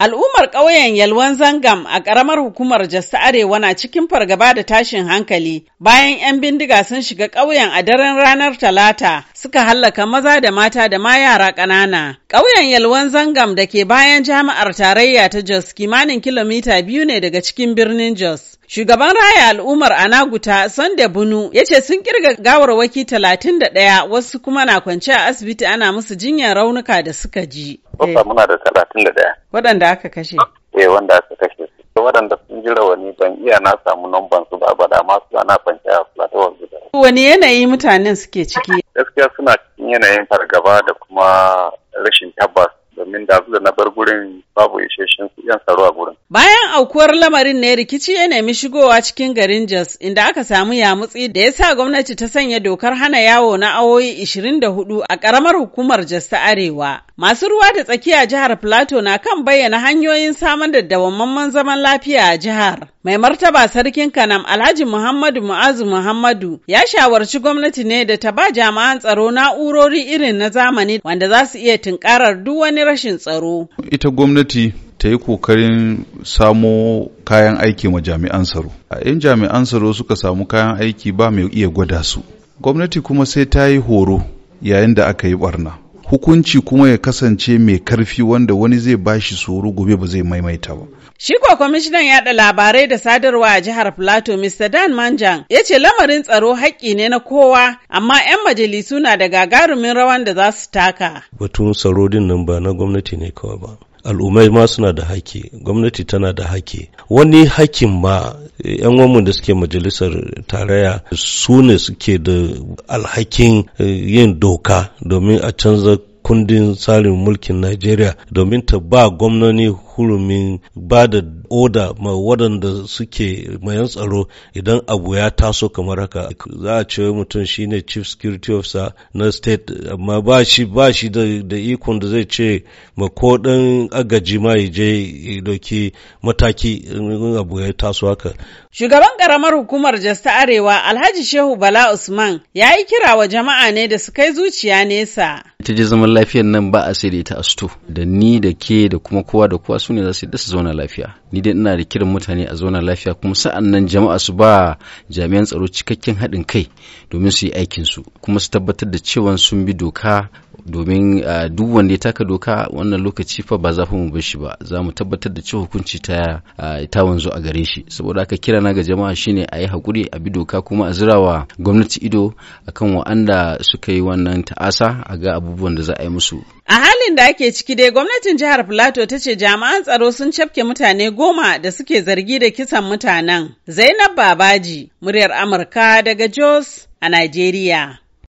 Al'ummar ƙauyen Yalwan Zangam a ƙaramar hukumar Jos ta Arewa na cikin fargaba da tashin hankali bayan 'yan bindiga sun shiga ƙauyen a daren ranar Talata suka hallaka maza da mata da ma yara ƙanana. Ƙauyen Yalwan Zangam da ke bayan jami'ar tarayya ta Jos kimanin kilomita biyu ne daga cikin birnin Jos. Shugaban raya al'ummar Anaguta Sande Bunu ya ce sun kirga gawarwaki talatin da ɗaya wasu kuma na kwance a asibiti ana musu jinyar raunuka da suka ji. Muna da talatin da ɗaya. Waɗanda aka kashe? Eh wanda aka kashe. su. Waɗanda sun ji rawani ban iya na samu namban su ba bada ma su na a platawar Wani yanayi mutanen suke ciki? Gaskiya suna cikin yanayin fargaba da kuma rashin tabbas domin da da na bar gurin babu isasshen yan tsaro a gurin. Bayan aukuwar lamarin ne rikici ya nemi shigowa cikin garin Jos inda aka samu yamutsi da ya sa gwamnati ta sanya dokar hana yawo na awoyi 24 a ƙaramar hukumar Jos ta Arewa. Masu ruwa da tsakiya jihar Plateau na kan bayyana hanyoyin samar da dawamamman zaman lafiya a jihar. Mai martaba sarkin Kanam Alhaji Muhammadu Mu'azu Muhammadu ya shawarci gwamnati ne da ta ba jami'an tsaro na'urori irin na zamani wanda za su iya tunkarar duk wani rashin tsaro. Ita gwamnati ta yi kokarin samo kayan aiki ma jami'an tsaro. A 'yan jami'an tsaro suka samu kayan aiki ba mai iya gwada su. Gwamnati kuma sai ta yi horo yayin da aka yi barna. hukunci kuma ya kasance mai karfi wanda wani zai bashi tsoro gobe ba zai maimaita ba. Shi kuwa kwamishinan yaɗa labarai da sadarwa a jihar Plateau Mr. Dan Manjan ya ce lamarin tsaro haƙƙi ne na kowa amma 'yan majalisu na da gagarumin rawan da za su taka. Batun tsaro din nan ba na gwamnati ne kawai ba. al'ummai ma suna da haki gwamnati tana da haki wani hakin ma yan eh, wamu da suke majalisar tarayya su ne suke da alhakin eh, yin doka domin a canza kundin tsarin mulkin najeriya domin ta ba gwamnoni hurumin ba da oda ma waɗanda suke mayan tsaro idan abu ya taso kamar haka za a ce mutum shine chief security officer na state amma ba shi ba shi da ikon da zai ce ma ko ɗan agaji ma ya je dauki mataki in abu ya taso haka. Shugaban ƙaramar hukumar Jasta Arewa Alhaji Shehu Bala Usman ya yi kira wa jama'a ne da su kai zuciya nesa. Ita je zaman lafiyar nan ba a sai da ita a da ni da ke da kuma kowa da kowa su ne za su dasa zauna lafiya ni dai ina da kiran mutane a zauna lafiya kuma sa'an nan jama'a su ba jami'an tsaro cikakken haɗin kai domin su yi aikin su kuma su tabbatar da cewa sun bi doka domin duk wanda ya taka doka wannan lokaci fa ba za mu bar shi ba za mu tabbatar da cewa hukunci ta ta wanzu a gare shi saboda haka kira na ga jama'a shine a yi hakuri a bi doka kuma a wa gwamnati ido akan wa'anda suka yi wannan ta'asa a ga abubuwan da za a yi musu A halin da ake ciki dai gwamnatin jihar Filato ta ce jami'an tsaro sun cafke mutane goma da suke zargi da kisan mutanen. Zainab Babaji, muryar Amurka daga Jos a Najeriya.